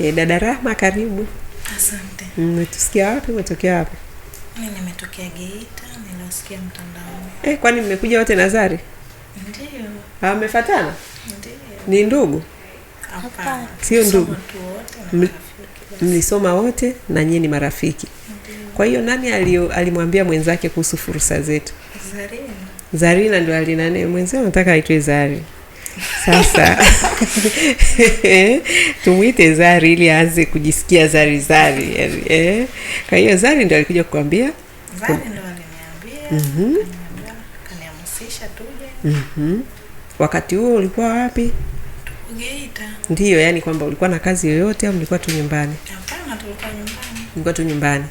Okay, dada Rahma karibu. Asante. Mmetusikia wapi? Umetokea wapi? Mimi nimetokea Geita, ninasikia mtandaoni. Eh, kwani mmekuja wote Nazari? Ndio. Ah, mmefuatana? Ni ndugu? Hapana. Sio ndugu. Mlisoma wote na nyinyi ni marafiki. Ndiyo. Kwa hiyo nani alio, alimwambia mwenzake kuhusu fursa zetu? Zarina. Zarina ndio alinane. mwenzake nataka aitwe Zari sasa tumwite Zari ili aanze kujisikia Zari Zari eh. Kwa hiyo Zari ndo alikuja kukwambia mhm. mhm. Wakati huo ulikuwa wapi? Ndiyo, yani kwamba ulikuwa na kazi yoyote au mlikuwa tu nyumbani? ulikuwa tu nyumbani.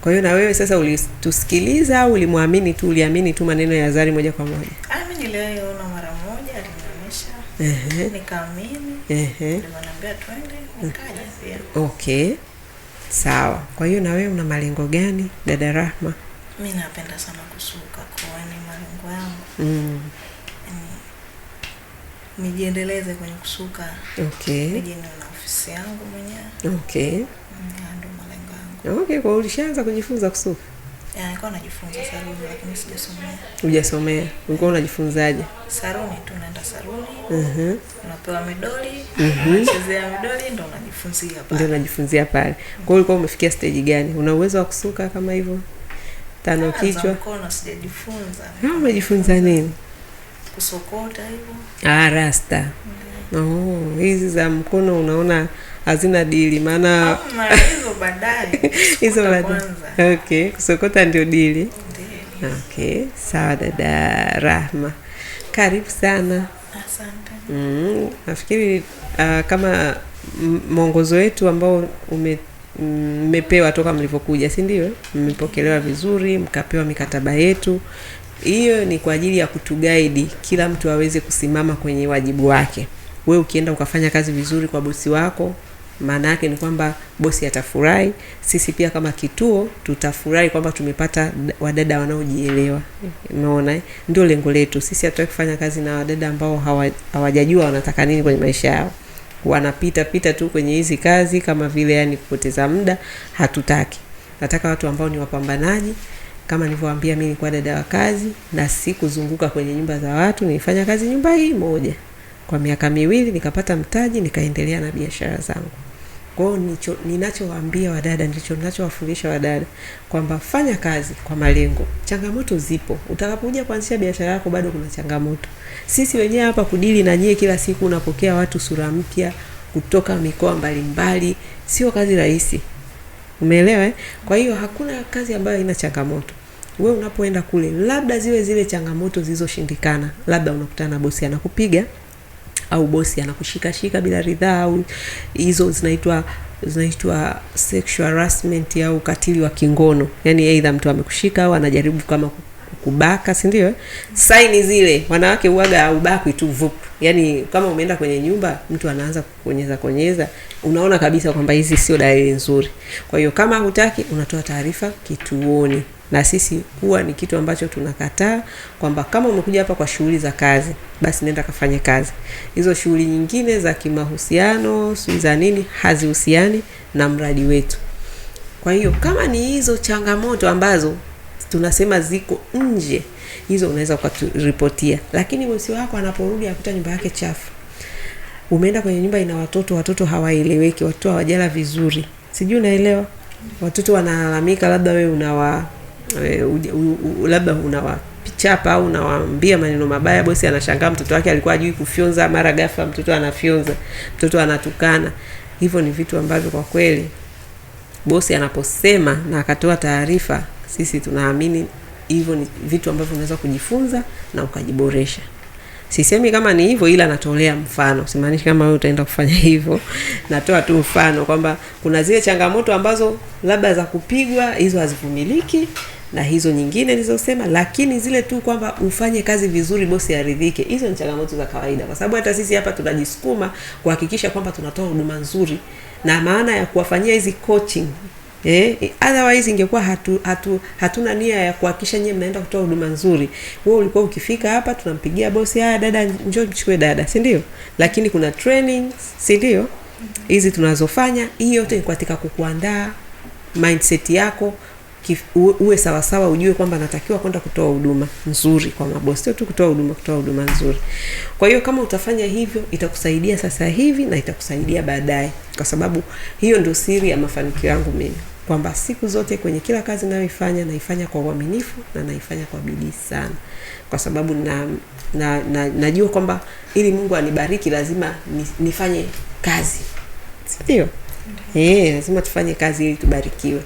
Kwa hiyo na wewe sasa ulitusikiliza au ulimwamini tu uliamini tu maneno ya Zari moja kwa moja? Ah, mara moja nikaamini, nimeambia twende, nikaja pia. Okay, sawa. Kwa hiyo na wewe una malengo gani dada Rahma? Mimi napenda sana kusuka, kwa ni malengo yangu mm. Nijiendeleze kwenye kusuka. Okay. Nije na ofisi yangu mwenyewe. Okay. Mm, ndio malengo yangu. Okay, kwa ulishaanza kujifunza kusuka? Eh, nilikuwa najifunza saluni lakini sijasomea. Hujasomea. Ulikuwa unajifunzaje? Saluni tu naenda saluni. Unapewa mhm. midoli, midoli mhm. unajifunzia pale. Ndio unajifunzia pale. Kwa hiyo ulikuwa umefikia stage gani? Una uwezo wa kusuka kama hivyo? Tano ah, kichwa. Mkono sijajifunza. Ah, umejifunza nini? Kusokota hivyo. Ah, rasta. Mm. Oh, hizi za mkono unaona hazina dili, maana ah, hizo baadaye. Okay, kusokota ndio dili. Okay, sawa dada Rahma, karibu sana. Asante. Mm, nafikiri uh, kama mwongozo wetu ambao ume mmepewa toka mlivyokuja, si ndio? Mmepokelewa vizuri, mkapewa mikataba yetu. Hiyo ni kwa ajili ya kutugaidi, kila mtu aweze kusimama kwenye wajibu wake. We ukienda ukafanya kazi vizuri kwa bosi wako, maana yake ni kwamba bosi atafurahi, sisi pia kama kituo tutafurahi kwamba tumepata wadada wanaojielewa. Umeona eh? Ndio lengo letu sisi, hatutaki kufanya kazi na wadada ambao hawajajua hawa wanataka nini kwenye maisha yao, wanapita pita tu kwenye hizi kazi kama vile yani kupoteza muda. Hatutaki, nataka watu ambao ni wapambanaji kama nilivyowaambia, mimi nilikuwa dada wa kazi na sikuzunguka kwenye nyumba za watu. Nilifanya kazi nyumba hii moja kwa miaka miwili, nikapata mtaji, nikaendelea na biashara zangu. Kwa hiyo ninachowaambia wadada ndicho ninachowafundisha wadada kwamba fanya kazi kwa malengo. Changamoto zipo, utakapokuja kuanzisha biashara yako bado kuna changamoto. Sisi wenyewe hapa kudili na nyie, kila siku unapokea watu sura mpya kutoka mikoa mbalimbali, sio kazi rahisi. Umeelewa eh? Kwa hiyo hakuna kazi ambayo ina changamoto. Wewe unapoenda kule, labda ziwe zile changamoto zilizoshindikana, labda unakutana na bosi anakupiga au bosi anakushikashika bila ridhaa, au hizo zinaitwa zinaitwa sexual harassment au ukatili wa kingono. Yani aidha mtu amekushika au anajaribu kama kubaka, si ndio? Eh? Saini zile wanawake uwaga aubakwi tu vup. Yani kama umeenda kwenye nyumba mtu anaanza kukonyeza konyeza, unaona kabisa kwamba hizi sio dalili nzuri. Kwa hiyo kama hutaki, unatoa taarifa kituoni na sisi huwa ni kitu ambacho tunakataa kwamba kama umekuja hapa kwa shughuli za kazi, basi nenda kafanye kazi. Hizo shughuli nyingine za kimahusiano, si za nini, hazihusiani na mradi wetu. Kwa hiyo kama ni hizo changamoto ambazo tunasema ziko nje, hizo unaweza ukaripotia, lakini bosi wako anaporudi akuta nyumba yake chafu umeenda kwenye nyumba ina watoto, watoto hawaeleweki, watoto hawajala vizuri, sijui unaelewa, watoto wanalalamika, labda wewe unawa e, labda unawapichapa au unawaambia maneno mabaya, bosi anashangaa, mtoto wake alikuwa ajui kufyonza, mara ghafla mtoto anafyonza, mtoto anatukana. Hivyo ni vitu ambavyo kwa kweli bosi anaposema na akatoa taarifa, sisi tunaamini hivyo ni vitu ambavyo unaweza kujifunza na ukajiboresha. Sisemi kama ni hivyo, ila natolea mfano, simaanishi kama wewe utaenda kufanya hivyo. Natoa tu mfano kwamba kuna zile changamoto ambazo labda za kupigwa, hizo hazivumiliki, na hizo nyingine nilizosema, lakini zile tu kwamba ufanye kazi vizuri, bosi aridhike, hizo ni changamoto za kawaida, kwa sababu hata sisi hapa tunajisukuma kuhakikisha kwamba tunatoa huduma nzuri, na maana ya kuwafanyia hizi coaching Eh, otherwise ingekuwa hatu, hatu, hatuna nia ya kuhakikisha nyie mnaenda kutoa huduma nzuri. Wewe ulikuwa ukifika hapa tunampigia bosi, haya ah, dada, njoo mchukue dada, si ndio? Lakini kuna training, si ndio? Hizi tunazofanya, hii yote ni katika kukuandaa mindset yako kif, uwe sawasawa, ujue kwamba natakiwa kwenda kutoa huduma nzuri kwa mabosi, sio tu kutoa huduma, kutoa huduma nzuri. Kwa hiyo kama utafanya hivyo, itakusaidia sasa hivi na itakusaidia baadaye, kwa sababu hiyo ndio siri ya mafanikio yangu mimi kwamba siku zote kwenye kila kazi nayoifanya naifanya kwa uaminifu na naifanya kwa bidii sana, kwa sababu na, na, na najua kwamba ili Mungu anibariki lazima nifanye kazi, si Eh, lazima tufanye kazi ili tubarikiwe.